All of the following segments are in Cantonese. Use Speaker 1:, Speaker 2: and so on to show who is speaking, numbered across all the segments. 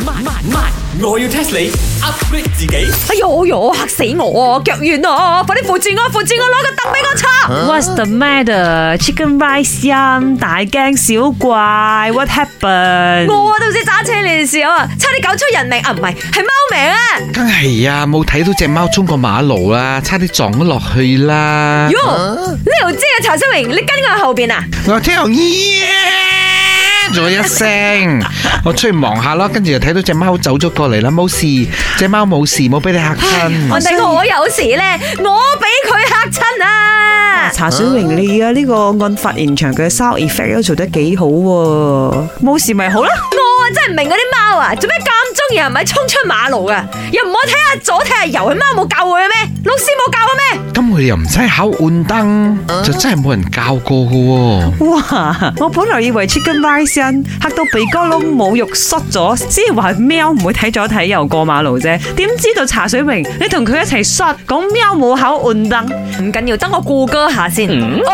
Speaker 1: 慢慢，我要 test 你，upgrade
Speaker 2: 自己。哎呦哎呦，吓死我啊！腳軟啊，快啲扶住我，扶住我，攞個凳俾我坐。What's the matter？Chicken
Speaker 1: rice yum，大驚小怪。What happened？我都唔知揸車呢件
Speaker 2: 事啊，差啲搞出人命啊，唔係，係貓命啊。梗
Speaker 3: 係呀，冇睇到隻貓衝過馬路啦，差啲撞咗落去啦。喲，
Speaker 2: 你又知啊？陳生榮，你跟我喺後邊啊？
Speaker 3: 我聽唔見。咗一聲，我出去望下啦，跟住就睇到隻貓走咗過嚟啦，冇事，隻貓冇事，冇俾你嚇親。我哋我有
Speaker 2: 事咧，我俾佢嚇親啊！查
Speaker 3: 小玲，你啊呢個案發
Speaker 1: 現場佢嘅 sound effect 都做得幾好，冇事咪好咯，
Speaker 2: 我真係唔明啲貓啊，做咩咁中意係咪衝出馬路啊？又唔好睇下左睇下右，貓冇教佢咩？老師冇教。
Speaker 3: 佢又唔使考按燈，就真係冇人教過嘅。
Speaker 1: 哇！我本來以為 Chicken Rice 嚇到鼻哥窿冇肉縮咗，只係話喵唔會睇左睇右過馬路啫。點知道查水明，你同佢一齊縮
Speaker 2: 講喵冇考按燈，唔緊要，等我過歌一下先、嗯。哦，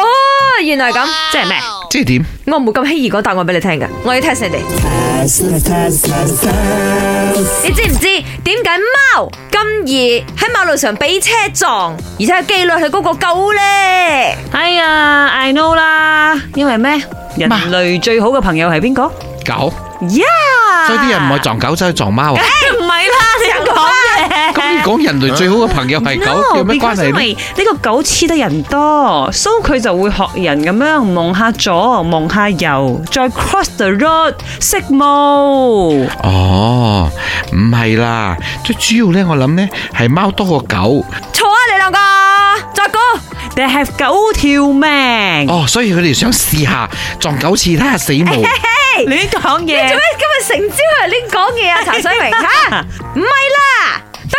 Speaker 2: 原來咁，即係咩？即係點？我唔會咁輕易講答案俾你聽噶，我要聽你哋。你知唔知點解貓咁易喺馬路上俾車撞，而且係幾率係嗰個狗咧？哎呀，I know 啦，
Speaker 1: 因為咩？人類最好嘅朋友係邊個？狗。Yeah。所以啲人
Speaker 3: 唔係撞狗，真係撞貓。唔
Speaker 1: 係啦，你講？咁你講人類最
Speaker 3: 好嘅朋友係狗，有咩關係咧？因為
Speaker 1: 呢個狗黐得人多，所以佢就會學人咁樣望下左，望下右，再 cross the road 識路。哦，
Speaker 3: 唔係啦，最主要咧，我諗咧係貓多過狗。錯啊，你兩個，
Speaker 1: 再講。但係狗有九條命。
Speaker 3: 哦，所以佢哋想試下撞九次睇下死冇。
Speaker 2: 你講嘢，你做咩今日成朝係你講嘢啊？陳水明，吓，唔係啦。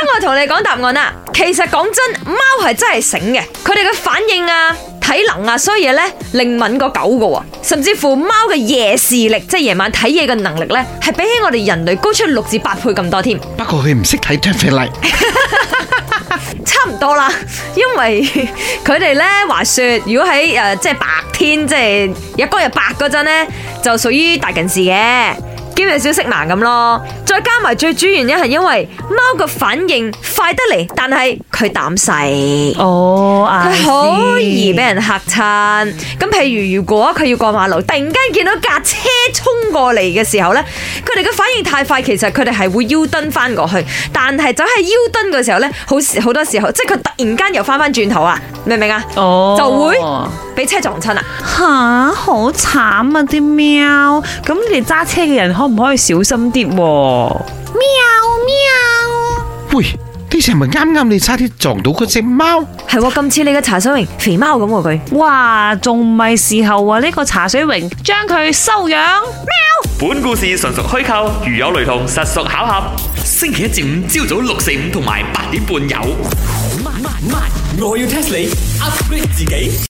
Speaker 2: 我同你講答案啦，其實講真，貓係真係醒嘅，佢哋嘅反應啊、體能啊，衰嘢咧，靈敏過狗喎。甚至乎貓嘅夜視力，即係夜晚睇嘢嘅能力咧，係比起我哋人類高出六至八倍咁多添。包
Speaker 3: 括不過佢唔識睇 traffic light，
Speaker 2: 差唔多啦，因為佢哋咧話說，如果喺誒即係白天，即係日光日白嗰陣咧，就屬於大近視嘅。兼埋少色盲咁咯，再加埋最主要原因係因為貓個反應快得嚟，但係佢膽細，哦、oh,，佢好易俾人吓親。咁譬如如果佢要過馬路，突然間見到架車衝過嚟嘅時候呢，佢哋嘅反應太快，其實佢哋係會腰蹲翻過去，但係就喺腰蹲嘅時候呢，好好多時候即係佢突然間又翻翻轉頭、oh. 啊，明唔明啊？
Speaker 1: 哦，就會
Speaker 2: 俾車撞親啊！吓，
Speaker 1: 好慘啊！啲喵！咁你哋揸車嘅人，可唔可以小心啲？
Speaker 3: 喵喵！喂，呢隻咪
Speaker 2: 啱啱你差啲撞到嗰隻貓？係，今次你嘅茶水榮肥貓咁喎佢。哇，仲唔係時候
Speaker 1: 喎呢個茶水榮將佢收養？喵！本故事純屬虛構，如有雷同，實屬巧合。星期一至五朝早六四五同埋八點半有。
Speaker 2: 我要 test 你 upgrade 自己。